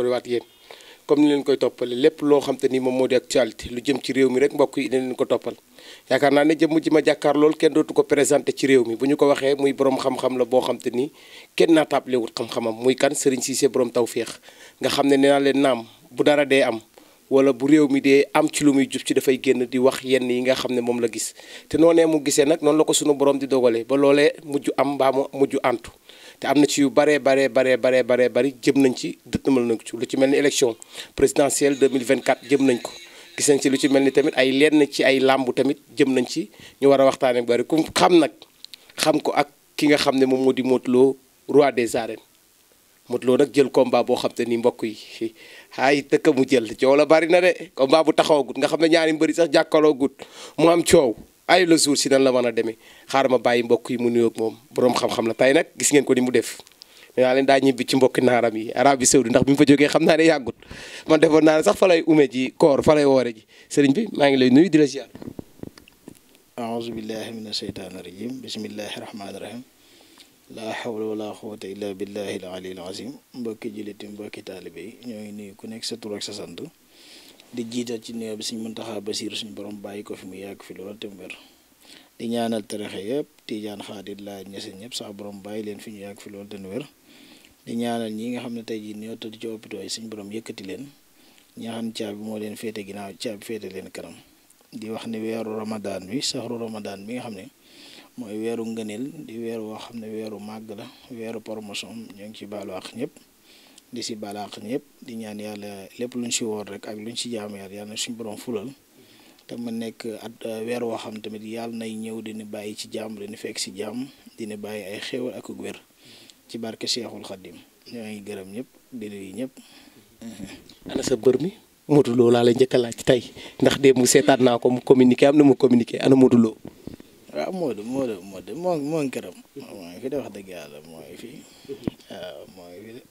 jàkkaarloo waat yéen comme ni leen koy toppale lépp loo xam te ni moom moo di actualité lu jëm ci réew mi rek mbokk yi dina leen ko toppal yaakaar naa ne jëmm ji ma jàkkaar lool kenn dootu ko présenté ci réew mi bu ñu ko waxee muy borom xam-xam la boo xam te ni kenn naa taablewut xam-xamam muy kan Serigne Cissé borom tawféex nga xam ne nee naa leen naam bu dara dee am wala bu réew mi dee am ci lu muy jub ci dafay génn di wax yenn yi nga xam ne moom la gis te noonee mu gisee nag noonu la ko sunu borom di dogalee ba loolee mujj am mbaa mu mujj antu te am na ci yu baree baree baree baree baree bari jëm nañ ci dëtmal nañ ko ci lu ci mel ni élection présidentielle 2024 jëm nañ ko gis nañ ci lu ci mel ni tamit ay lenn ci ay làmbu tamit jëm nañ ci ñu war a waxtaanee bari ku xam nag xam ko ak ki nga xam ne moom moo di Modou Lo roi des arènes Modou nag jël combat boo xam te ni mbokk yi ay tëkka mu jël coow la bari na de combat bu taxawagut nga xam ne ñaari mbëri sax jàkkaloogut mu am coow. ay le jour si nan la man a demee xaaral ma bàyyi mbokk yi mu nuyoog moom boroom xam-xam la tey nag gis ngeen ko ni mu def naa leen daa ñibbi ci mbokki naaram yi Arabie Saoudite ndax bi mu fa jógee xam naa ne yàggut man defoon naa sax fa lay ume ji koor fa lay woore ji sëriñ bi maa ngi lay nuy di la ziar aouzu billahi min asheytaan rajim bismillahi rahmaani rahim laa hawla wala quwwata illa billahi al aliyyil azim mbokki juliti mbokki taalibe yi ñoo ngi nuyu ku nekk sa tur ak sa sant di jiital ci nuyoo bi suñ Muntaxa Basiir suñ borom bàyyi ko fi mu yàgg fi lool te mu wér di ñaanal tarixa yëpp Tijaan laaj Laay Ñaseen ñëpp sax borom bàyyi leen fi ñu yàgg fi lool te mu wér di ñaanal ñi nga xam ne tey jii ñoo tëdd ci hôpital yi suñ borom yëkkati leen ñi nga xam caabi moo leen féete ginnaaw caabi féete leen kanam di wax ne weeru ramadaan bi saxru ramadaan bi nga xam ne mooy weeru ngëneel di weer woo xam ne weeru màgg la weeru promotion ñoo ngi ci baalu àq ñëpp di si balaax ñëpp di ñaan yàlla lépp luñ si woor rek ak lu ñu si jaamu yàlla yàlla na suñu borom fulal te ma nekk at euh, weer woo xam tamit yàlla nay ñëw dina bàyyi ci jàmm dina fekk si jàmm dina bàyyi ay xéewal ak wér ci barke Seexul Xaddim ñoo ngi gërëm ñëpp di ñëpp. ana sa mbër mi Modou Lo laa lay njëkk laaj tey ndax de mu seetaan naa ko mu communiqué am na mu communiqué ana Modou Lo. waaw Modou Modou Modou de moo ngi këram. moo ngi fi de wax dëgg yàlla moo ngi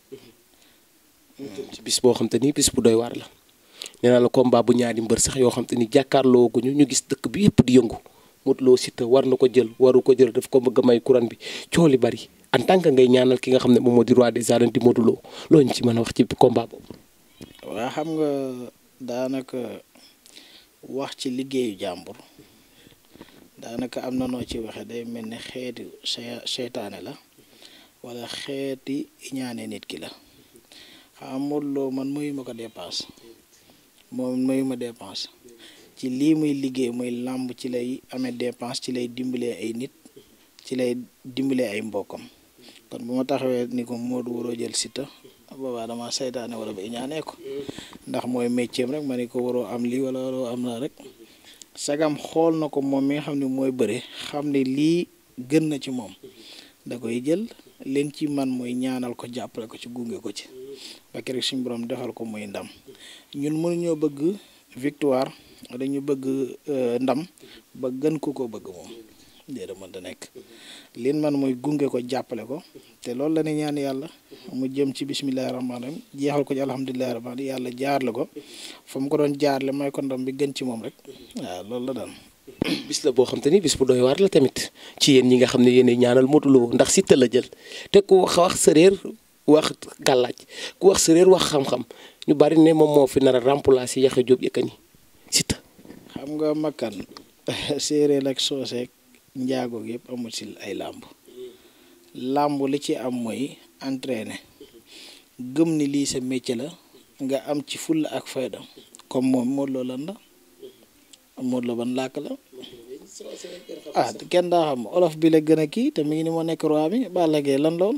ci bis boo xam te ni bis bu doy waar la nee naa la combat bu ñaari mbër sax yoo xam ni jàkkaarloo ko ñu ñu gis dëkk bi yëpp di yëngu Modou Lo war na ko jël waru ko jël daf ko bëgg a may couronne bi coow li bari en tant que ngay ñaanal ki nga xam ne moom moo di roi des arènes di Modou Lo ñu ci mën a wax ci combat boobu. waa xam nga daanaka wax ci liggéeyu jàmbur daanaka am na noo ci waxe day mel ne xeeti seytaane la wala xeeti ñaane nit ki la. xam ah, Modou Lo man mayuma ko dépense moom mayuma dépense ci lii muy liggéey muy làmb ci lay amee dépense ci lay dimbalee ay nit ci lay dimbalee ay mbokkam kon bu ma taxawee ni ko Modou waroo jël Siteu boobaa dama saytaane wala ba ñaanee ko ndax mooy métier rek ma ne ko waroo am lii wala waroo am la rek sagam xool na ko moom mi nga xam ne mooy bëre xam ne lii gën na ci moom da koy jël leen ci man mooy ñaanal ko jàppale ko ci gunge ko ci ba keroog suñu borom defal ko muy ndam ñun mënuñoo bëgg victoire dañu bëgg euh, ndam ba gën ko ko bëgg moom déedéet mënta nekk lin man mooy gunge ko jàppale ko te loolu la ne ñaan yàlla mu jëm ci bisimillahi rahmaani rahim jeexal ko ci alhamdulilahi rahmaani yàlla jaar ko fa mu ko doon jaarle may ko ndam bi gën ci moom rek waaw loolu la daan bis la boo xam te ni bis bu doy waar la tamit ci yéen ñi nga xam ne yéen ñaanal Modou Lo ndax Siteu la jël te ko wax wax gàllaaj ku wax séréer wax xam-xam ñu bari ne moom moo fi nar a remplacer Yaxya Jóob Yékini Siteu xam nga makkan séeréer ak sooseek njaagoog yépp amul si ay làmb làmb li ci am mooy entraîner gëm ni lii sa métier la nga am ci fulla ak fayda comme moom Modou Lo lan la Modou Lo ban làkk la ah kenn daa xam olof bi la gën a kii te mi ngi ni moo nekk roi bi Balla Gaye lan lool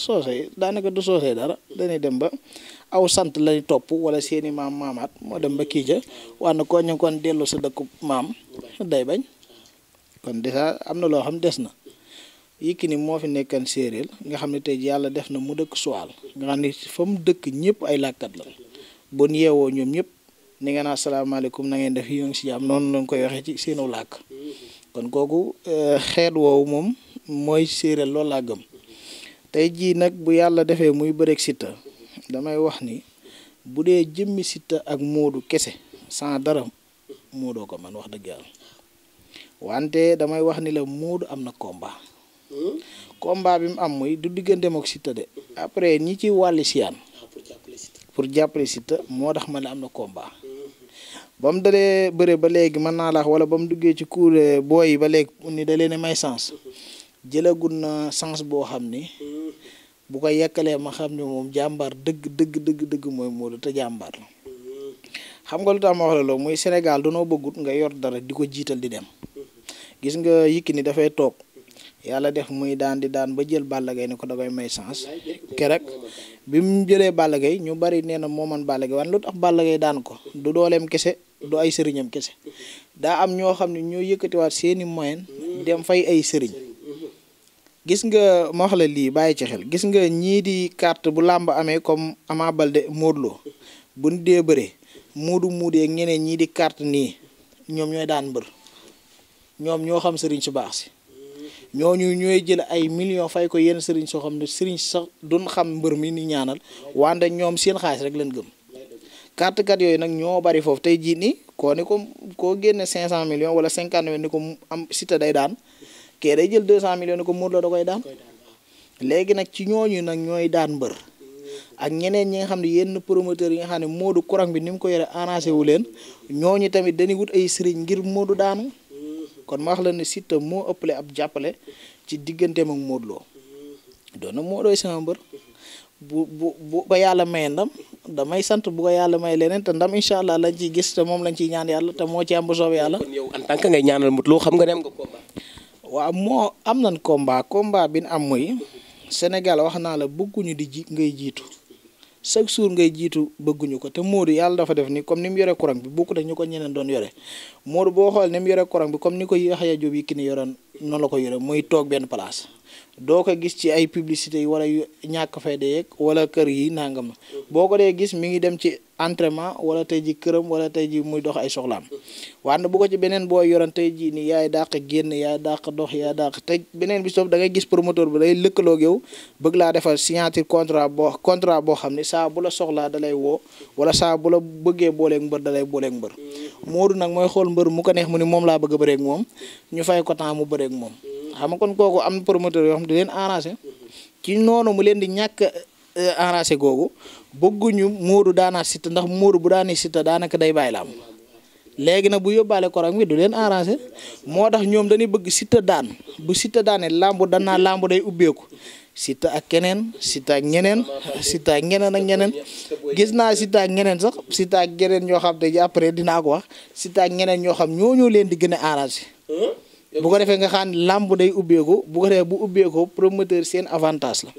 soose daanaka du soose dara dañuy dem ba aw sant lañ topp wala seeni maam maamaat moo dem ba kii ja wanna koo ñu kon sa dëkku maam day bañ kon déjà am na loo xam des na Yékini moo fi nekkan séeréer nga xam ne tey ji yàlla def na mu dëkk suwaal nga xam ne fa mu dëkk ñëpp ay làkkat la bon yeewoo ñoom ñëpp ni nga naa asalaamaaleykum na ngeen def yi ngi si jàmm noonu lañ koy waxee ci seenu làkk kon kooku eh, xeet woowu moom mooy séeréer loolu gëm tey jii nag bu yàlla defee muy bëreeg Siteu damay wax ni bu dee jëmmi Siteu ak Modou kese sans dara Modou ko man wax dëgg yàlla wante damay wax ni la Modou am na combat combat bi mu am muy du digganteem ak Siteu de après ñi ci wàlli siyaan ah, pour jàppale Siteu moo tax ma ne am na combat ba mu dalee bëre ba léegi mën naa la wax wala ba mu duggee ci cour booy ba léegi ni da leen may sens jëlagul na sens boo xam ni bu ko yekkalee ma xam ne moom jàmbaar dëgg dëgg dëgg mooy Modou jàmbaar la xam nga lu tax ma wax la loolu mooy bëggut nga yor dara di ko jiital di dem gis nga Yékini dafay toog yàlla def muy daan di daan ba jël Balla gay ne ko da koy may sens kerek bi mu jëlee Balla Gaye ñu bari nee na moo man Balla Gaye lu tax Balla Gaye daan ko du dooleem kese du ay sëriñam kese daa am ñoo xam ne ñoo yëkkatiwaat seeni moyen dem fay ay sëriñ gis nga ma wax la lii bàyyi ci xel gis nga ñii di carte bu làmb amee comme Ama Baldé Modou Lo buñ dee bëre muudu muudu ak ñii di carte nii ñoom ñooy daan mbër ñoom ñoo xam sëriñ su baax si ñoo ñooñu ñooy jël ay millions fay ko yenn sëriñ soo xam ne sëriñ sax duñ xam mbër mi ni ñaanal wante ñoom seen xaalis rek leen gëm carte kat yooyu nag ñoo bari foofu tey jii nii koo ni ko koo génne cinq cent millions wala cinquante mille ni ko am Siteu day daan kee day jël deux cent millions ni ko Modou Lô da koy daan léegi nag ci ñooñu nag ñooy daan mbër ak ñeneen ñi nga xam ne yenn promoteurs yi nga xam ne Modou courant bi ni mu ko yore arrangé wu leen ñooñu tamit dañuy wut ay sëriñ ngir moodu daanu kon ma wax la ne Siteu moo ëppale ab jàppale ci digganteem ak Modou loo doon na Modou sama mbër. bu bu bu ba yàlla may ndam damay sant bu yàlla may leneen te ndam incha allah lañ ciy gis te moom lañ ciy ñaan yàlla te moo ci am bu soobee yàlla. kon que ngay ñaanal Modou Lo xam nga ne am nga combat. waaw moo am nañ combat combat bi ñu am muy Sénégal wax naa la bëgguñu di ji ngay jiitu chaque jour ngay jiitu bëgguñu ko te Modou yàlla dafa def ni comme ni mu yore kurang bi bokkut ak ñu ko ñeneen doon yore moo boo xool ni mu yore kurang bi comme ni ko Yaxya Jóob yi ki ni yoroon la ko yore muy toog benn place. doo ko gis ci ay publicité yi wala ñàkk fay de yeeg wala kër yi nangam boo ko dee gis mu ngi dem ci entraînement wala tey ji këram wala tey ji muy dox ay soxlaam wante bu ko ci beneen boo yoran tey ji ni yaay dàq génn yaay dàq dox yaay dàq tey beneen bi soof da ngay gis promoteur bi lay lëkkaloo ak yow bëgg laa defal signature contrat boo contrat boo xam ne saa bu la soxlaa da lay woo wala saa bu la bëggee booleeg mbër dalay booleek booleeg mbër Modou nag mooy xool mbër mu ko neex mu ni moom laa bëgg a moom ñu fay ko temps mu bëreeg moom xam kon kooku am promoteur yoo xam di leen arrangé ci noonu mu leen di ñàkk euh, arrangé googu bëgguñu Modou daanaa Siteu ndax Modou bu daanee Siteu daanaka day bàyyi laam léegi nag bu yóbbaale koram wi du leen arrangé moo tax ñoom dañuy bëgg Siteu daan bu Siteu daanee làmb danaa làmb day ubbeeku Siteu ak keneen Siteu ñeneen Siteu ak ak ñeneen gis naa Siteu ak ñeneen sax Siteu ak ñeneen ñoo xam te après dinaa ko wax Siteu ak ñeneen ñoo xam ñoo ñoo leen di gën a arrangé bu ko defee nga xam làmb day ubbeeku bu ko defee bu ubbeekoo promoteur seen avantage la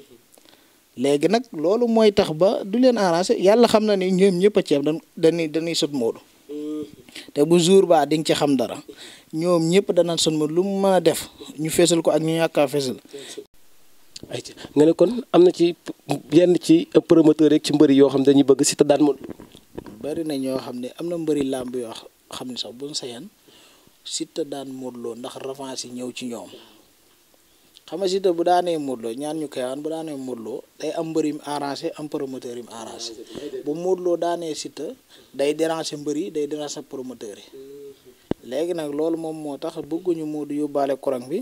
léegi nag loolu mooy tax ba du leen arrangé yàlla xam na ni ñoom ñëpp a ceeb dañuy dañuy dañuy sut Modou te bu jour ba di nga ci xam dara ñoom ñëpp danaan sut Modou lu mu def ñu feesal ko ak ñu ñàkk a nga ne kon am na ci yenn ci promoteur rek ci mbëri yoo xam dañuy bëgg si te daan Modou. bari na ñoo xam ne am na mbëri làmb yoo xam ne sax buñ sayan Siteu daan Modou ndax revanche yi ñëw ci ñoom xam nga Siteu bu daanee Modou ñaan ñu kayaan bu daanee Modou day am mbër yim arrangé am promoteur yim arrangé bu Modou daanee Siteu day déranger mbër yi day déranger promoteur yi léegi nag loolu moom moo tax bëgguñu Modou yóbbaale kurang bi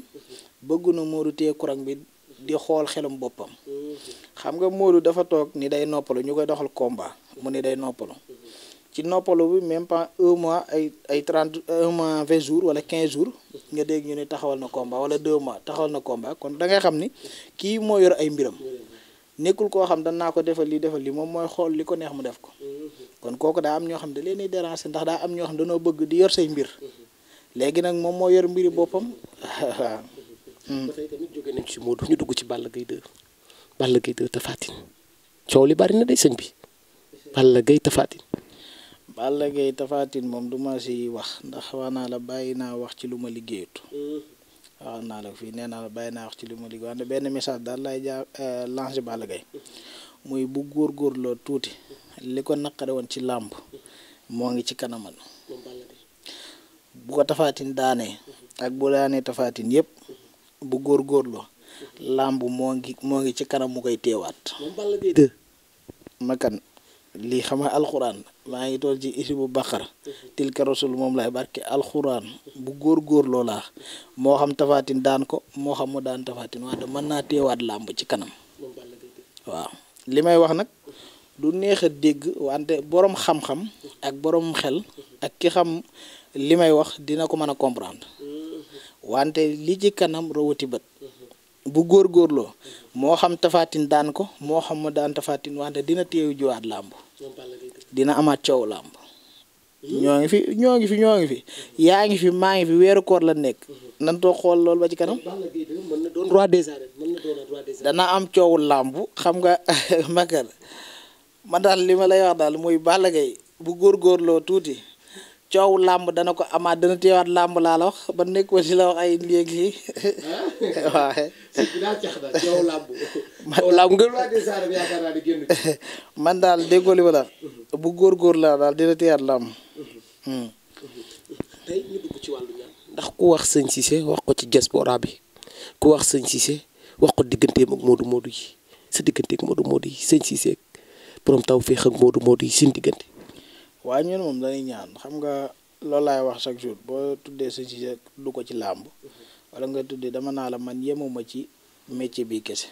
bëgguñu Modou téye kurang bi di xool xelum boppam xam nga Modou dafa toog ni day noppalu ñu koy doxal komba mu ni day noppalu ci noppalu bi même pas un mois ay ay trente un mois vingt jours wala quinze jours nga dégg ñu ne taxawal na combat wala deux mois taxawal na combat kon da xam ni kii moo yor ay mbiram nekkul koo xam danaa ko defal lii defal li moom mooy xool li ko neex mu def ko kon kooku daa am ñoo xam ne leen di déranger ndax daa am ñoo xam danoo bëgg di yor say mbir léegi nag moom moo yor mbiri boppam waaw. Hmm. ñu dugg ci Balla Gaye 2 Balla Gaye 2 Tapha coow li bari na de sëñ bi Balla Gaye Balla Gaye Tapha moom duma ma si wax ndax wax naa la bàyyi naa wax ci lu ma liggéeyatu mm-hmm. wax naa la fii nee naa la bàyyi naa wax ci lu ma liggéey wante benn message daal lay jaar euh, lancé Balla Gaye mm-hmm. muy bu góorgóorloo tuuti li ko naqare woon ci làmb moo ngi ci kanamal bu ko tafaatin Tine daanee mm-hmm. ak bu daanee Tapha Tine yëpp bu góorgóorloo làmb moo ngi moo ngi ci kanam mu koy teewaat makan lii xam nga alxuraan maa ngi toll ci isi bu baqara tilka rasul moom lay barke alxuraan bu góor-góor loolaa moo xam tafaatin daan ko moo xam mu daan tafaatin wante mën naa teewaat làmb ci kanam waaw li may wax nag du neex a dégg wante boroom xam-xam ak boroom xel ak ki xam li may wax dina ko mën a comprendre wante li ci kanam rawati bët bu góor góorgóorloo moo xam tafaatin daan ko moo xam ma daan tafaatin wante dina téewu jiwaat làmb dina amaat coow làmb ñoo ngi fi ñoo ngi fi ñoo ngi fi yaa ngi fi maa ngi fi weeru koor la nekk nan too xool lool ba ci kanam dana am coowu làmb xam nga makar ma daal li ma lay wax daal muy Balla Gaye bu góorgóorloo tuuti coow làmb dana ko amaat dana teewaat làmb laa la wax ba nekkoo si la wax ay léegi yi man daal déggoo li la mhm. bu góor-góor laa daal dina teewaat làmb mhm. Hmm. Mhm. ndax ku wax sëñ Cissé wax ko ci diaspora bi ku wax sëñ Cissé wax ko digganteem ak Modou Modou yi sa digganteeg Modou Modou yi sëñ Cissé borom taw féex ak Modou Modou yi seen diggante waa ñun moom dañuy ñaan xam nga loolu laay wax chaque jour boo tuddee sa si du ko ci làmb wala nga tuddee dama naa la man yemuma ci métier bi kese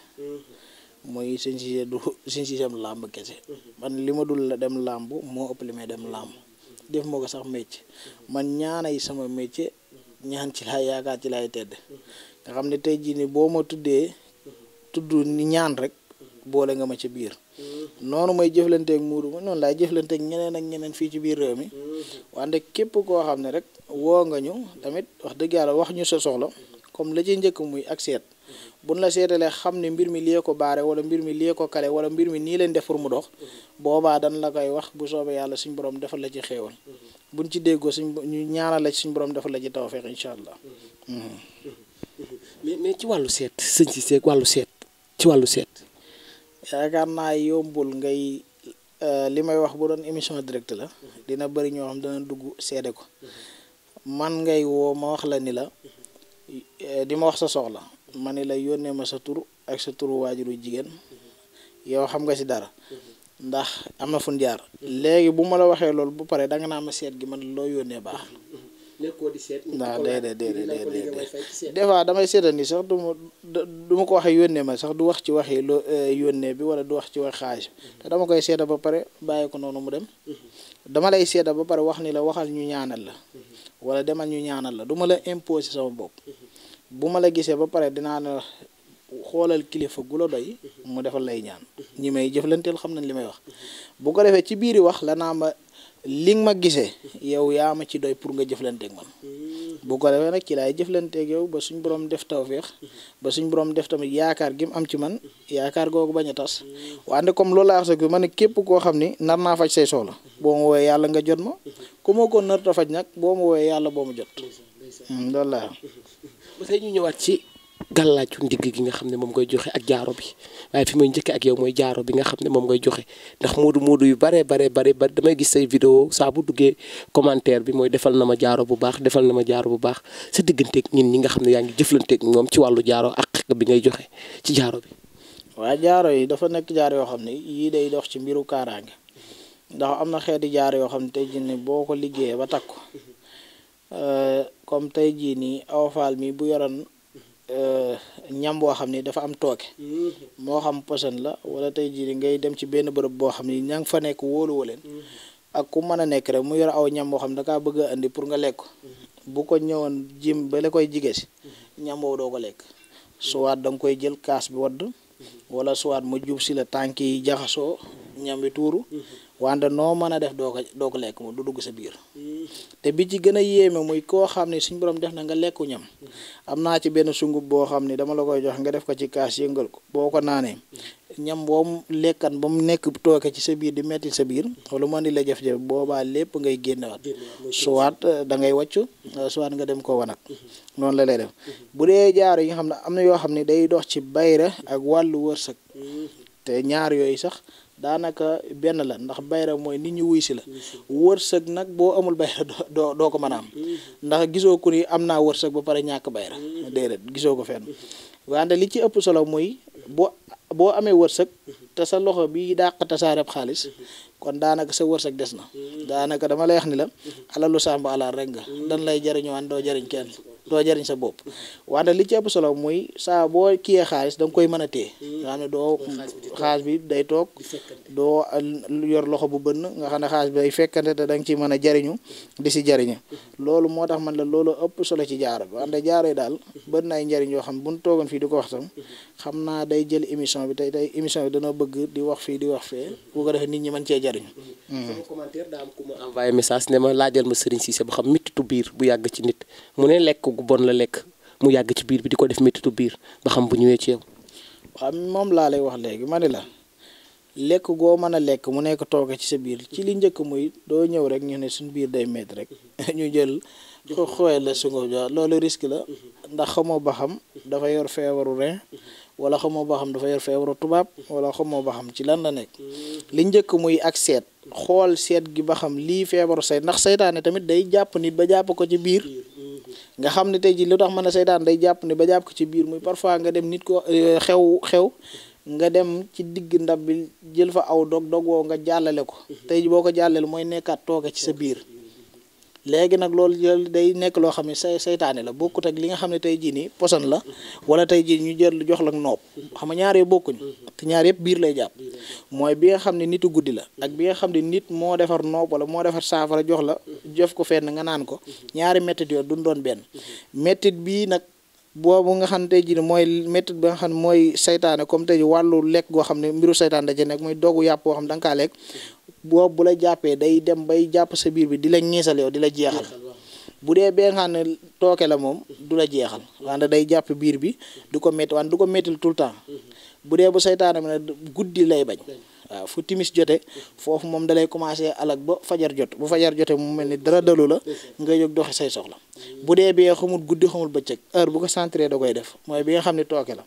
mooy seen Cissé du làmb kese mm-hmm. man li ma dul la dem làmb moo ëpp li may dem làmb mm-hmm. def moo ko sax métier mm-hmm. man ñaanay sama métier ñaan ci laay yaakaar ci laay tedd nga xam ne tey jii ni boo ma tuddee tudd ni ñaan rek boole nga ma ci biir noonu mooy jëflanteek muuru ma noonu laay jëflanteeg ñeneen ak ñeneen fii ci biir réew mi wante képp koo xam ne rek woo nga ñu tamit wax dëgg yàlla wax ñu sa soxla comme la ci njëkk muy ak seet buñ la seetalee xam ne mbir mi lee ko baare wala mbir mi liyee ko kale wala mbir mi nii leen def pour mu dox boobaa dañ la koy wax bu soobee yàlla suñ borom defal la ci bu buñ ci déggoo suñ ñu ñaanal la ci suñ borom la ci tawfeex incha allah. mais ci wàllu seet sëñ si seet ci wàllu seet. yaakaar naa yombul ngay euh, li may wax bu doon émission direct la dina bëri ñoo xam dana dugg seede ko man ngay woo ma wax la ni la euh, di ma wax sa soxla ma ni la yónnee ma sa tur ak sa turu waajuru jigéen yow xam nga ci dara ndax am na fu ñu léegi bu ma la waxee loolu bu pare danga naa ma seet gi man loo yónnee baax nekkoo di seet. waaw déedéet déedéet déedéet damay seetal ni sax du ma ko waxee yónnee ma sax du wax ci waxi loo euh, yónnee bi wala du wax ci wax xaalis mhm. te dama koy seeta ba pare bàyyi ko noonu mu dem. Mhm. dama lay seeta ba pare wax ni la waxal ñu ñaanal la. Mhm. wala demal ñu ñaanal la du ma la imposer sama bopp. bu ma la gisee ba pare dinaa ne xoolal kilifa gu la doy. mu defal lay ñaan. ñi may jëflanteel xam nañ li may wax. bu ko defee ci biiri wax la naa ma li nga ma gisee yow yaa ma ci doy pour nga jëflanteeg man hmm. bu ko defee nag ci laay jëflanteeg yow ba suñ borom def tawféex hmm. ba suñ borom def tamit yaakaar gi mu am ci man hmm. yaakaar googu bañ a tas wante comme loolu laa wax ma ne képp koo xam ni nar naa faj say soxla boo woowee yàlla nga jot ma ku ma ko nar ta faj nag boo ma woowee yàlla boo ma jot loolu gàllaaju ndigg gi nga xam ne moom ngay joxe ak jaaro bi waaye fi may njëkk ak yow mooy jaaro bi nga xam ne moom ngay joxe ndax moodu moodu yu bare bare bare ba damay gis say vidéo saa bu duggee commentaire bi mooy defal na ma jaaro bu baax defal na ma jaaro bu baax sa digganteeg ñin ñi xam ne yaa ngi jëflanteeg moom ci wàllu jaaro ak bi joxe ci jaaro bi. waaw jaaro yi dafa nekk jaaro yoo xam ne yii day dox ci mbiru kaaraange ndax am na xeeti jaaro yoo xam ne tey jii ne boo ko liggéeyee ba takk mhm. euh, comme tey jii nii awafaal mi bu yoroon Euh, ñam boo xam ni dafa am tooke moo xam poson la wala tey jii ngay dem ci benn bërëb boo xam ni ña nga fa nekk wóoluwu leen ak ku mën a nekk rek mu yor aw ñam boo xam ne dakaa bëgg a indi pour nga lekk bu ko ñëwoon jim ba la koy jige si ñam boobu doo ko lekk suwaat da koy jël kaas bi wadd wala suwaat mu jub si la tànk yi jaxasoo ñam bi tuuru wante noo mën a def doo ko lekk moom du dugg sa biir te bi ci gën a yéeme muy koo xam ne suñ borom def na nga lekku ñam am naa ci benn sungub boo xam ne dama la koy jox nga def ko ci kaas yëngal ko boo ko naanee ñam boobu lekkan ba mu nekk tooke ci sa biir di metti sa biir wala mu andi la jafe-jafe boobaa lépp ngay génnewaat soit euh, da ngay wàcc euh, nga dem ko wanag noonu la lay def bu dee jaar yi nga xam ne am na yoo xam ne day dox ci bayra ak wàllu wërsëg te ñaar yooyu sax daanaka benn la ndax bayra mooy nit ñi wuy si la wërsëg nag boo amul bayra doo ko mën a am ndax gisoo ko ni am naa wërsëg ba pare ñàkk bayra déedéet gisoo ko fenn wante li ci ëpp solo mooy boo amee wërsëg te sa loxo bi dàq tasaareb xaalis kon daanaka sa wërsëg des na daanaka dama la wax ni la alalu sàmb alaal rek nga dan lay jëriñu waan doo jëriñ kenn doo jariñ sa bopp wante li ci ëpp solo mooy saa boo kiyee xaalis danga koy mën a téye mm. nga xam ne doo xaalis bi day toog doo uh, yor loxo bu bënn nga xam ne xaalis bi ay fekkante te da nga ciy mën a jariñu di si jariñu loolu moo tax man la loolu ëpp solo ci jaaro bi wante jaaro yi daal bëri na ay njariñ yoo xam buñ toogoon fii di ko wax tam xam naa day jël émission bi tey tey émission bi danoo bëgg di wax fii di wax fee bu ko defee nit ñi mën cee jariñu mm-hmm. Mm-hmm. sama commentaire daa am message ne ma laajal ma Serigne Cissé ba xam méttitu biir bu yàgg ci gu bon la lekk mu yàgg ci biir bi di ko def méttitu biir ba xam bu ñëwee ci yow. waaw moom laa lay wax léegi ma la lekk goo mën a lekk mu nekk tooke ci sa biir ci li njëkk muy doo ñëw rek ñu ne suñ biir day métti rek ñu jël xoolee la su nga loolu risque la ndax xamoo ba xam dafa yor feebaru rein wala xamoo ba xam dafa yor feebaru tubaab wala xamoo xam ci lan la nekk li njëkk muy ak seet xool seet gi ba xam lii feebaru say ndax saytaane tamit day jàpp nit ba jàpp ko ci biir. nga xam ne tey jii lu tax mën a seytaan day jàpp ne ba jàpp ko ci biir muy parfois nga dem nit ko euh, xew xew nga dem ci digg ndab bi jël fa aw dog dog woo nga jàllale ko tey ji boo ko jàllale mooy nekkaat tooge ci sa biir léegi nag loolu day nekk loo xam ne say saytaane la bokkut ak li nga xam ne tey jii nii posan la wala tey jii ñu jël jox la noob xam nga ñaar yëpp te ñaar yëpp biir lay jàpp mooy bi nga xam ne nitu guddi la ak bi nga xam ne nit moo defar noob wala moo defar saafara jox la jof ko fenn nga naan ko ñaari méttit yoo duñ doon benn metit bii nag boobu nga xam tey jii mooy méttit bi nga xam mooy seytaane comme tey ji wàllu lekk goo xam ne mbiru saytaan da ci nekk muy doogu yàpp boo xam da nga kaa lekk boobu bu la jàppee day dem bay jàpp sa biir bi di la ñiisal yow di la jeexal bu dee bee xam ne tooke la moom du la jeexal wante day jàpp biir bi du ko métti wante du ko méttil tout le temps uhuh. bu dee bu saytaane bi nag guddi lay bañ waaw euh, fu timis jote foofu moom dalay commencé alag ba fajar jot bu fajar jote mu mel ni dara dalu la nga jóg doxi say soxla bu dee bee xamul guddi xamul bëccëg heure bu ko centré da koy def mooy bi nga xam ne tooke la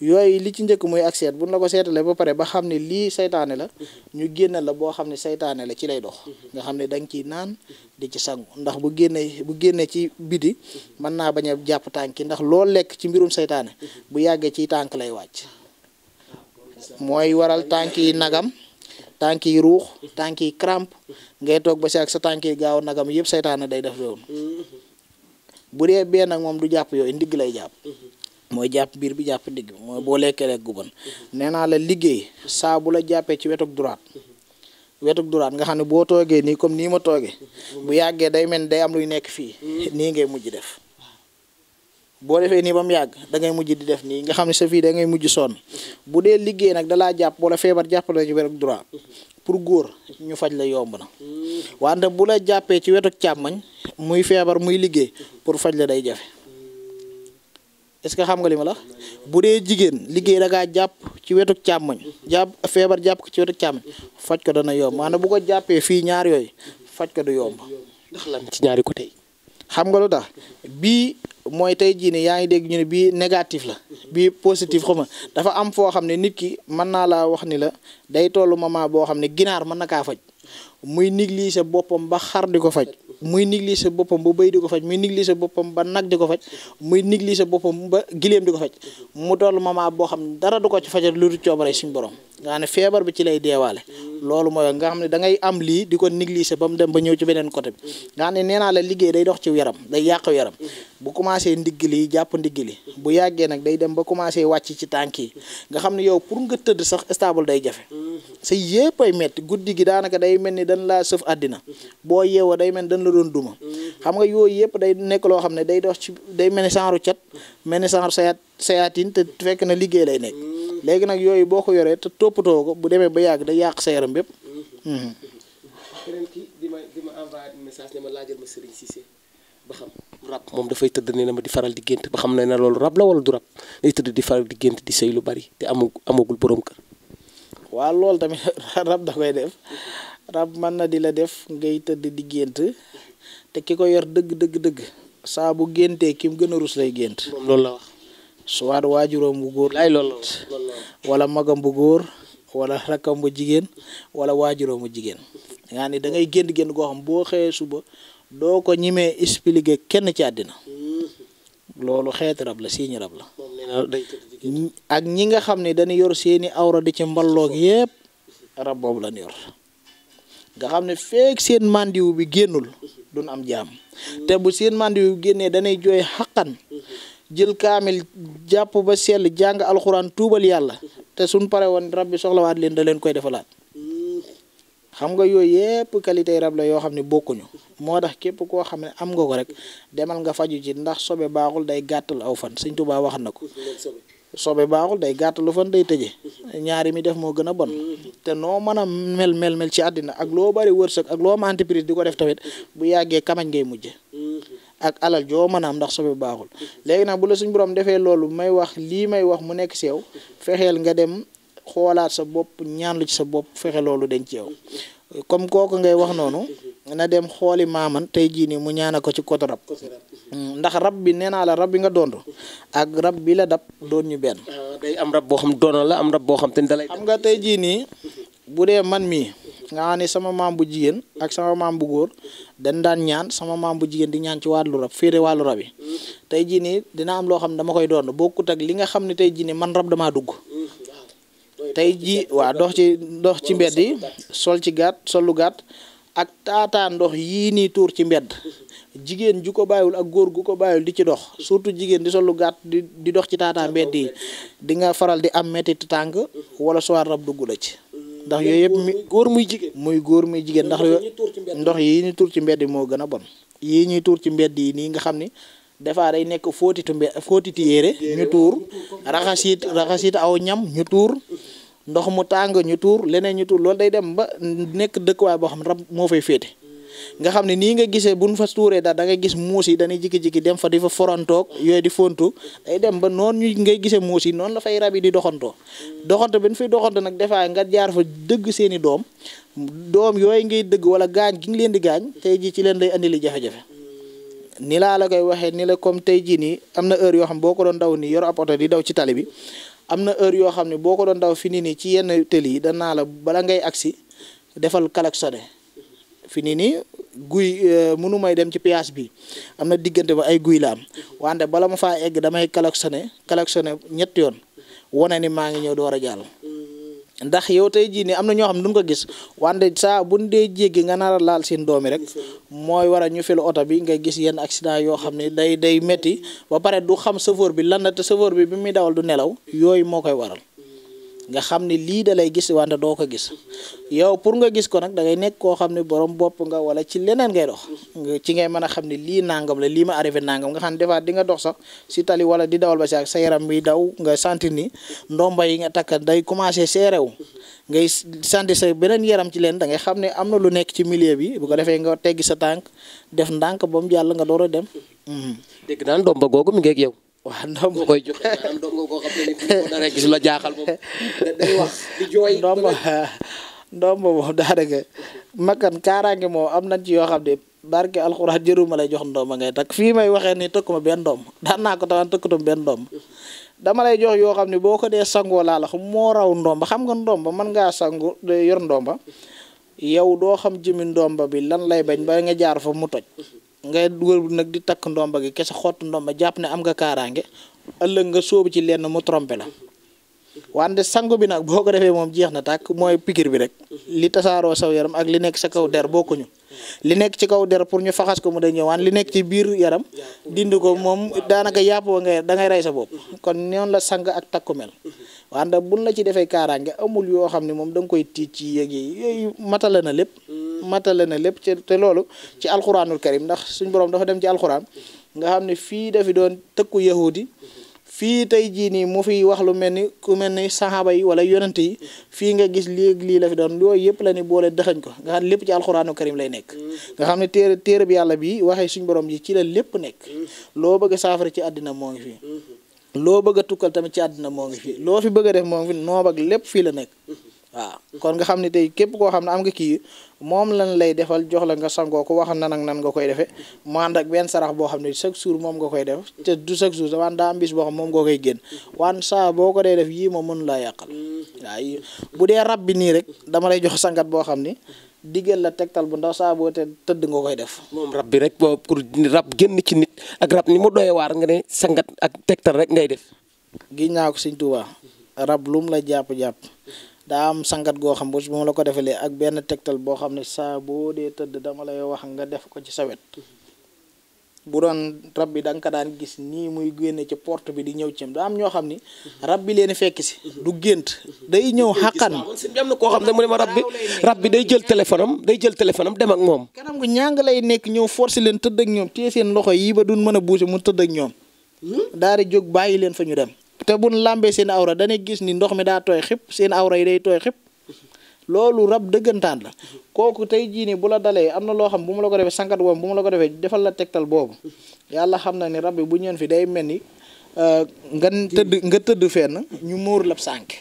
yooyu li ci njëkk muy ak seet buñ la ko seetalee ba pare ba xam ne lii saytaane la ñu génne la boo xam ne saytaane la ci lay dox nga xam ne da nga ciy naan di ci sangu ndax bu génnee bu génnee ci biti mën naa bañ a jàpp tànki ndax lool lekk ci mbirum saytaane bu yàggee ciy tànk lay wàcc mooy waral tànk yi nagam tànk yi ruux tànk yi crampe ngay toog ba si ak sa tànk yi gaaw nagam yëpp seytaane day def loolu mm-hmm. bu dee bee nag moom du jàpp yooyu ndigg lay jàpp mm-hmm. mooy jàpp biir bi jàpp ndigg mooy boo lekkee lekk gu bon mm-hmm. naa la liggéey saa bu la jàppee ci wetuk droite wetuk droite nga xam ne boo toogee nii comme nii ma toogee bu yàggee day mel day am luy nekk fii nii ngay mujj def boo defee nii ba mu yàgg da ngay mujj di def nii nga xam ne sa fii dangay ngay mujj sonn bu dee liggéey nag dalaa jàpp wala feebar jàppale ci wetu droit pour góor ñu faj la yomb na wante bu la jàppee ci wetu càmmañ muy feebar muy liggéey pour faj la day jafe est-ce que xam nga li ma la bu dee jigéen liggéey da ngaa jàpp ci wetu càmmañ jàpp feebar jàpp ko ci wetu càmmañ faj ko dana yomb maanaam bu ko jàppee fii ñaar yooyu faj ko du yomb. ndax lan ci ñaari côté xam nga lu daal bii mooy tey jii ne yaa ngi dégg ñu ne bii négatif la bii positif xuma dafa am foo xam ne nit ki mën naa laa wax ni la day tollu moment boo xam ne ginaar mën na kaa faj muy négliger boppam ba xar di ko faj muy négliger boppam ba bëy di ko faj muy négliger boppam ba nag di ko faj muy négliger boppam ba giléem di ko faj mu toll moment boo xam ne dara du ko ci fajal lu dul coobare suñu borom nga xam ne feebar bi ci lay deewaale loolu mooy nga xam ne da ngay am lii di ko négliger ba mu dem ba ñëw ci beneen côté bi nga xam ne nee la liggéey day dox ci yaram day yàq yaram bu commencé ndigg li jàpp ndigg li bu yàggee nag day dem ba commencé wàcc ci tànk yi nga xam ne yow pour nga tëdd sax stable day jafe sa gi daanaka day mel dañ laa sëf àddina boo yeewoo day mel dañ la doon duma xam nga yooyu yëpp day nekk loo xam ne day dox ci day mel ni genre cet mel ni genre sayaat sayaatin te fekk na liggéey lay nekk léegi nag yooyu boo ko yoree te toppatoo ko bu demee ba yàgg day sa yaram bépp mhm. keneen ki di ma di ma envoyé message ne ma moom dafay tëdd ne na ma di faral di gént ba xam ne na loolu rab la wala du rab day tëdd di faral di gént di sëy lu bari te amagul amagul kër. waaw loolu tamit rab da koy def rab mën na di la def ngay tëdd di gént te ki ko yor dëgg dëgg dëgg saabu bu géntee ki mu gën a rus lay gént. loolu la soit waajuram bu góor. ay loolu wala magam bu góor wala rakkam bu jigéen wala waajuram bu jigéen. yaa ni dangay ngay génn koo goo xam boo xëyee suba doo ko ñimee expliquer kenn ci àddina. Mm-hmm. loolu xeeti rab la siiñi rab la. ak ñi nga xam ne dañu yor seeni awra di ci mballoog yépp rab boobu lañ yor. nga xam ne feek seen mandiw bi génnul duñ am jaam te bu seen mandiw bi génnee danay jooy xaqan jël kaamil jàpp ba sell jàng alxuraan tuubal yàlla te suñ pare woon rab bi soxlawaat leen da leen koy defalaat xam nga yooyu yëpp qualité rab yoo xam ne bokkuñu moo tax képp koo xam ne am nga ko rek demal nga faju ci ndax sobe baaxul day gàttal aw fan Sëñ Tuubaa wax na ko sobe baaxul day gàttalu fan day tëje ñaari mi def moo gën a bon te noo mën a mel mel mel ci àddina ak loo bari wërsëg ak loo ma entreprise di ko def tamit bu yàggee kamañ ngay mujje ak alal joo mën a am ndax sobe baaxul léegi nag bu la suñ borom defee loolu may wax lii may wax mu nekk si yow fexeel nga dem xoolaat sa bopp ñaan lu ci sa bopp fexe loolu denc ceew comme kooku ngay wax noonu na dem xooli maaman tey jii nii mu ñaana ko ci côté rab mm, ndax rab bi nee naa la rab bi nga doon ak rab bi la dab doon ñu benn. Ah, day am rab boo xam doona la am rab boo xam te dalay xam nga tey jii nii bu dee man mii nga xam sama maam bu jigéen ak sama maam bu góor dañ daan ñaan sama maam bu jigéen di ñaan ci wàllu rab féere wàllu rab yi tey jii nii dina am loo xam ne dama koy doon bokkut ak li nga xam ne tey jii ni man rab damaa dugg. tey jii waa dox ci dox ci mbedd yi sol ci gàtt solu lu ak taataa ndox yii nii tuur ci mbedd jigéen ju ko bàyyiwul ak góor gu ko bàyyiwul di ci dox surtout jigéen di sol lu di dox ci taata mbedd yi di nga faral di am metti tànk wala soir rab dugg la ci. ndax yooyu yëpp mi góor muy jigéen muy góor muy jigéen ndax ndox yii ñuy tuur ci mbedd yi moo gën a bon yii ñuy tuur ci mbedd yi nii nga xam ni des fois day nekk fóotitu mbe fóotiti yére ñu tuur raxasit raxasit aw ñam ñu tuur ndox mu tàng ñu tuur leneen ñu tuur loolu day dem ba nekk dëkk dëkkuwaay boo xam ne rab moo fay féete nga xam ne nii nga gisee nu fa tuuree daal da ngay gis muus yi dañuy jikki-jikki dem fa di fa forantoog yooyu di fontu day dem ba noonu ngay gisee muus yi noonu la fay rab yi di doxantoo doxanto bi ñu fiy doxanto nag defaay nga jaar fa dëgg seeni doom doom yooyu ngay dëgg wala gaañ gi nga leen di gaañ tey jii ci leen lay andi li jafe-jafe ni laa la koy waxee ni la comme tey jii nii am na heure yoo xam boo ko doon daw nii yor ab oto di daw ci tali bi am na heure yoo xam ne boo ko doon ndaw fi nii nii ci yenn tëli yi danaa la bala ngay agsi defal klaxonné fi nii nii guy euh, mënu may dem ci péage bi am na diggante ba ay guy la am wante bala ma faa egg damay klaxonné klaxonné ñett yoon wane ni maa ngi ñëw door a jàll ndax yow tey jii nii am na ñoo xam ne duñ ko gis wante saa buñ dee jéggi nga nar a laal seen doomi rek mooy war a ñu fil oto bi nga gis yenn accident yoo xam ne day day métti ba pare du xam chauffeur bi lan la te chauffeur bi bi muy dawal du nelaw yooyu moo koy waral. nga xam ni lii da lay gis wante doo ko gis yow pour nga gis ko nag da ngay nekk koo xam ne borom bopp nga wala ci leneen ngay dox ci ngay mën a xam ne lii nangam la lii ma arrivé nangam nga xam ne defaat di nga dox sax si tali wala di dawal ba si ak sa yaram bi daw nga sentir ni ndomba yi nga takk day commencé seerew ngay sentir sa beneen yaram ci leen da ngay xam ne am na lu nekk ci millier bi bu ko defee nga teggi sa tànk def ndànk ba jàll nga door a dem. Mhm. dégg naa ndomba googu mi ngi ak waaw ndomba koy joxe gis la jaaxal moom day wax di jooy ndomba ndomba moom daanaka am na ci yoo xam ne barke alxuraan jëruma lay jox ndomba ngay takk fii may waxee ni ma benn doom daan naa ko tawaan tëkkatum benn doom dama lay jox yoo xam ne boo ko dee sangoo laa la moo raw ndomba xam nga ndomba man ngaa sangu yor ndomba yow doo xam jëmi ndomba bi lan lay bañ ba nga jaar fa mu toj ngay wër nag di takk ndomba gi kese xottu ndomba jàpp ne am nga kaaraange ëllëg nga sóobu ci leen mu trompé la wante sangu bi nag boo ko defee moom jeex na tàkk mooy pikir bi rek li tasaaroo saw yaram ak li nekk sa kaw der bokkuñu li nekk ci kaw der pour ñu faxas ko mu day ñëwaan li nekk ci biir yaram dindi ko moom daanaka yàpp wa ngay da ngay rey sa bopp kon noonu la sang ak takku mel wante buñ la ci defee kaaraange amul yoo xam ne moom da koy tiit ci yéeg yi yooyu matale na lépp matale na lépp te loolu ci alxuraanul karim ndax suñ borom dafa dem ci alxuraan nga xam ne fii dafi doon tëkku yahudi fii tey jii nii mu fi wax lu mel ni ku mel ni saxaaba yi wala yonante yi fii nga gis léegi lii la fi doon loolu yëpp la ni boole dëxañ ko nga xam lépp ci alxuraanu lay nekk mm-hmm. nga xam ne téere téere bi yàlla bi waxee suñ borom ji ci la lépp nekk mm-hmm. loo bëgg saafara ci àddina moo ngi fii mm-hmm. loo bëgg a tukkal tamit ci àddina moo ngi fii loo fi bëgg a def moo ngi fi noob ak lépp fii la nekk waaw kon nga xam ne tey képp koo xam ne am nga kii moom lan lay defal jox la nga sangoo ko wax nan ak nan nga koy defee mu ànd ak benn sarax boo xam ne chaque jour moom nga koy def te du chaque jour bis boo xam moom nga koy génn waan saa boo ko dee def yii moom mënu laa yàqal waaw bu dee rab bi nii rek dama lay jox sangat boo xam ni digal la tegtal bu ndax saa te tëdd nga koy def. moom rab bi rek boo pour rab génn ci nit ak rab ni mu doy waar nga ne sangat ak tegtal rek ngay def. giñ naa ko sëñ Tuubaa rab lum la jàpp jàpp. daa am sangat goo xam bu ma la ko defalee ak benn tegtal boo xam ne saa boo dee tëdd dama lay wax nga def ko ci sawet bu doon rab bi da nga ko daan gis nii muy génne ci port bi di ñëw ci daa am ñoo xam ni rab bi leen fekk si du gént day ñëw xàqan bi am na koo xam ne mu ma rab bi rab bi day jël téléphone day jël téléphone dem ak moom kanam gu ñàng lay nekk ñëw forcé leen tëdd ak ñoom téye seen loxo yi ba duñ mën a bouger mu tëdd ak ñoom hmm? di jóg bàyyi leen fa ñu dem te buñ làmbee seen awra danay gis ni ndox mi daa tooy xib seen awra yi day tooy xib loolu rab dëggantaan la kooku tey jii nii bu la dalee am na loo xam bu ma la ko defee sankat woom bu mu la ko defee defal la tegtal boobu yàlla xam na ni rab bu ñëwee fi day mel ni euh, nga tëdd nga tëdd fenn ñu muur la sànk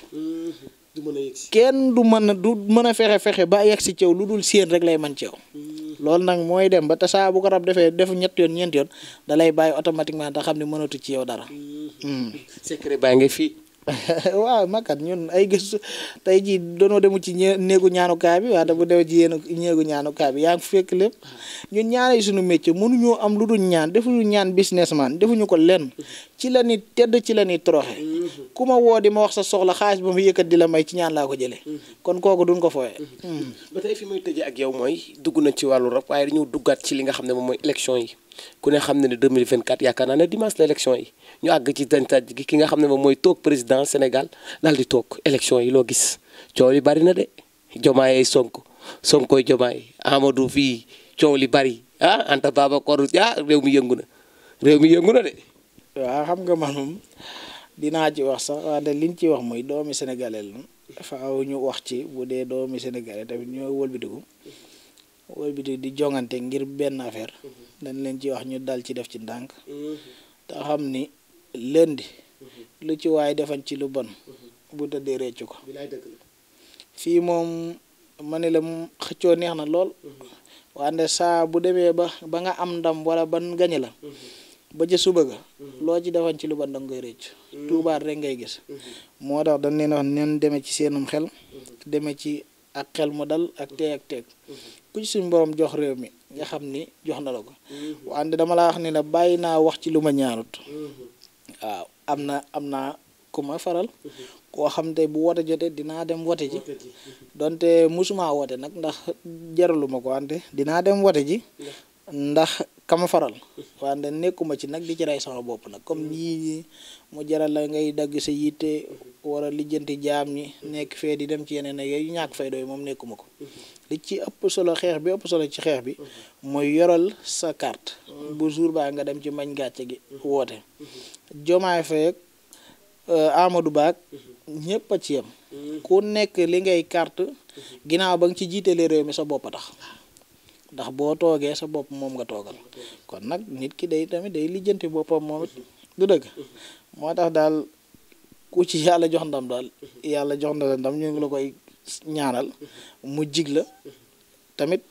kenn du mën a du mën a fexe fexe ba yegg si ceew lu dul séen rek lay man ceew loolu nag mooy dem ba te saa bu ko rab defee def ñett yoon ñeent yoon da bàyyi automatiquement da xam ne mënatu ci yow dara Mm. secret baa ngi fii. waaw makat ñun ay gis tey jii doonoo demu ci ñe néegu ñaanukaay bi waaye bu demee ci yéen néegu ñaanukaay bi yaa ngi fekk lépp ñun ñaanay suñu métier mënuñoo am lu dul ñaan defuñu ñaan businessman defuñu ko lenn ci la ni tedd ci la ni troxe mm-hmm. ku ma wax sa soxla xaalis ba mu yëkkat di la may ci ñaan laa ko mm-hmm. kon kooku duñ ko fooye mm-hmm. mm. ba tey fi may tëjee ak yow mooy dugg na ci wàllu rab waaye dañoo duggaat ci li nga xam ne moom mooy élection yi ku ne xam ne ne 2024 yaakaar naa ne dimanche la élection yi ñu àgg ci tantat gi ki nga xam ne moom mooy toog président Sénégal daal di toog élection yi loo gis coow li bari na de sonk Sonko Sonkoy Diomaye Amadou fii coow li bari ah Anta Babacar ah réew mi yëngu na réew mi yëngu na de. waaw xam nga man moom dinaa ci wax sax wante liñ ci wax mooy doomi sénégalais la dafa aw ñu wax ci bu dee doomi sénégalais tamit ñoo wëlbatiku wëlbatiku di jongante ngir benn affaire mhm. dañ leen ci wax ñu dal ci def ci ndànk mhm. lëndi lu ci waay defañ ci lu bon bu tëddee réccu ko fii moom ma ne la xëccoo neex na lool wante saa bu demee ba ba nga am ndam wala ba gañe la ba ca suba loo ci defan ci lu bon danga koy réccu tuubaat rek ngay gis moo tax dañ leen wax neen deme ci seenum xel demee ci ak xel mu dal ak teeg ak teeg ku ci suñ borom jox réew mi nga xam ni jox na la ko wante dama laa wax ni la bàyyi naa wax ci lu ma ñaarut waaw am na am naa ku ma faral koo xam te bu wote jotee dinaa dem wote ji donte musuma wote nag ndax jaraluma ko wante dinaa dem wote ji ndax kama faral wante nekkuma ci nag di ci rey sama bopp nag comme ñii mm-hmm. moo jaral la ngay dagg sa yitte mm-hmm. war a lijjanti jaam ñi nekk fee di dem ci yeneen ak yooyu ñàkk fay doy moom nekkuma ko mm-hmm. li ci ëpp solo xeex bi ëpp solo ci xeex bi mooy yoral sa carte mm. bu jour baa nga dem ci mañ gàcce gi woote jomaay feek euh, Amadou Ba ñëpp a ci yem mm. ku nekk li ngay kart ginnaaw ba nga ci jiitelee réew mi sa boppa a tax ndax boo toogee sa bopp moom nga toogal kon nag nit ki day tamit day lijjanti boppam moom it du dëgg moo tax daal ku ci yàlla jox ndam daal yàlla jox ndam ndam ñu ngi la koy ñaanal mu jig la tamit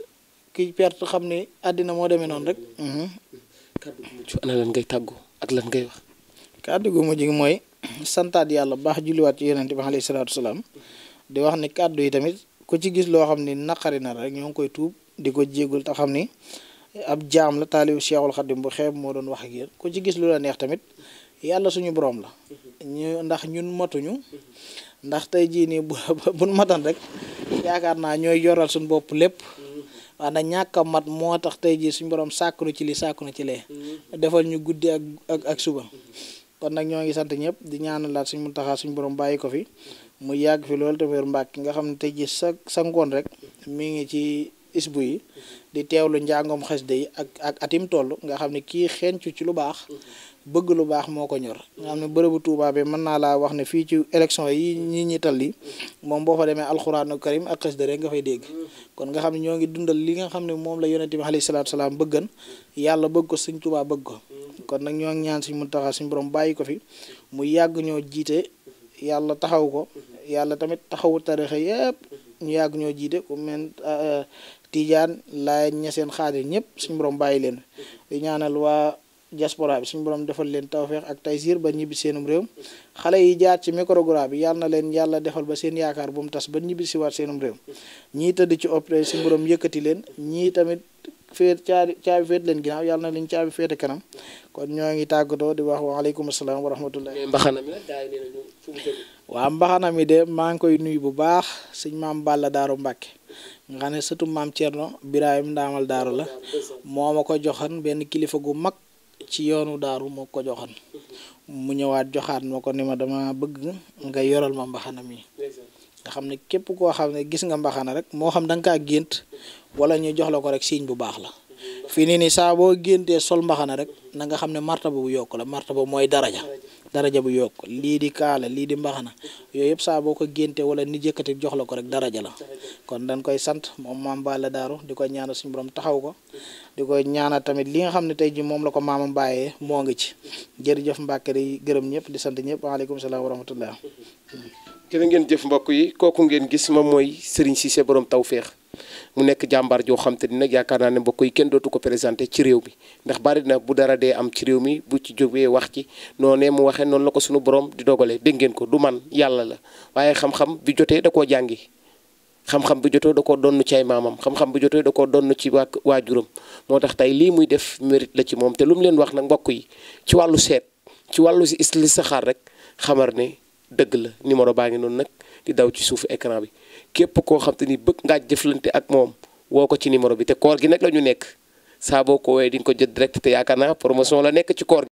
ki perte xam ne àddina moo demee noonu rek. Mhm. kàddu gu mujj ana tàggu ak lan ngay wax. kàddu gu mujj mooy santaat yàlla baax julliwaat ci yonent bi alayhi salaatu salaam di wax ne kàddu yi tamit ku ci gis loo xam ne naqari na rek ñoo ngi koy tuub di ko jéegul te xam ni ab jaam la taalibu Cheikhul Xadim bu xeeb moo doon wax ak yéen ku ci gis lu la neex tamit yàlla suñu borom la. Mhm. ñu ndax ñun motuñu. Mhm. ndax tey jii nii bu bun matan rek yaakaar naa ñooy yoral suñu bopp lépp waaw na ñàkk mat moo tax tey jii suñu borom sàkkunu ci li sàkkunu ci lee defal ñu guddi ak suba kon nag ñoo ngi sant ñëpp di ñaanalaat suñ mun taxaa suñu borom bàyyi ko fi mu yàgg fi loolu tafeer mbaak ki nga xam ne tey ji sa sa ngoon rek mi ngi ci isbu yi di teewlu njàngoom xasida yi ak ak atim toll nga xam ne kii xencu ci lu baax bëgg lu baax moo ko ñor nga xam ne bërëbu Tuubaa mën naa laa wax ne fii ci élection yi ñi ñi tal li moom boo fa demee alxuraanu karim ak xasida rek nga fay dégg kon nga xam ne ñoo ngi dundal li nga xam ne moom la yonente bi alayhi salaatu salaam bëggan yàlla bëgg ko suñ Tuubaa bëgg ko kon nag ñoo ngi ñaan suñ Muntaxaa suñ borom bàyyi ko fi mu yàgg ñoo jiite yàlla taxaw ko yàlla tamit taxawu tarixa yëpp ñu yàgg ñoo jiite ku mel euh, Tijaan laay ña seen xaadir ñëpp suñ borom bàyyi leen ñaanal waa diaspora bi suñu borom defal leen tawfeex ak taysiir ba ñibbi seenum réew xale yi jaar ci microgora bi yàlla na leen yàlla defal ba seen yaakaar bu tas ba ñibbi si waat seenum réew ñii tëdd ci opéré suñu borom yëkkati leen ñii tamit féet caabi caabi leen ginnaaw yàlla na leen caabi féete kanam kon ñoo ngi tàggatoo di wax waaleykum salaam wa rahmatullah waaw mbaxana mi de maa ngi koy nuyu bu baax suñ maam Balla Daaru Mbàkke nga xam ne sëtu maam Thierno Birahim Ndaamal la moo ma benn kilifa gu mag ci yoonu daaru moo ko joxoon mu ñëwaat joxaat ma ko ni ma dama bëgg nga yoral ma mbaxana mi nga xam ne képp koo xam ne gis nga mbaxana rek moo xam da nga kaa gént wala ñu jox la ko rek siiñ bu baax la fii nii nii saaboo géntee sol mbaxana rek na nga xam ne martaba bu yokk la martaba mooy daraja daraja bu yokk lii di kaala lii di mbaxana yooyu yëpp saaboo ko géntee wala ni jëkkati jox la ko rek daraja la kon dañ koy sant moom maam Balla Daaru di ko ñaanal suñu borom taxaw ko di ko ñaanal tamit li nga xam ne tey ji moom la ko maamam bàyyee moo ngi ci jëf Mbàkke di gërëm ñëpp di sant ñëpp waaleykum salaam wa rahmatullah jërë ngeen jëf mbokk yi kooku ngeen gis moom mooy Serigne Cissé borom tawféex mu nekk jàmbaar joo xam te ni nag yaakaar naa ne mbokk yi kenn dootu ko présenté ci réew mi ndax bari na bu dara dee am ci réew mi bu ci jógee wax ci noone mu waxee noonu la ko suñu borom di dogalee dégg ngeen ko du man yàlla la waaye xam-xam bi jotee da koo jàngi xam-xam bi jotee da koo donn ci ay maamam xam bi jotee da koo donn ci waa waajuram moo tax tey lii muy def mérite la ci moom te lu mu leen wax nag mbokk yi ci wàllu seet ci wàllu si li saxaar rek xamar ne dëgg la numéro baa ngi noonu nag di daw ci suufu écran bi képp koo xam ni bëgg ngaa jëflante ak moom woo ko ci numéro bi te koor gi nag la ñu nekk saa boo ko woowee di ko jot direct te yaakaar naa promotion la nekk ci koor gi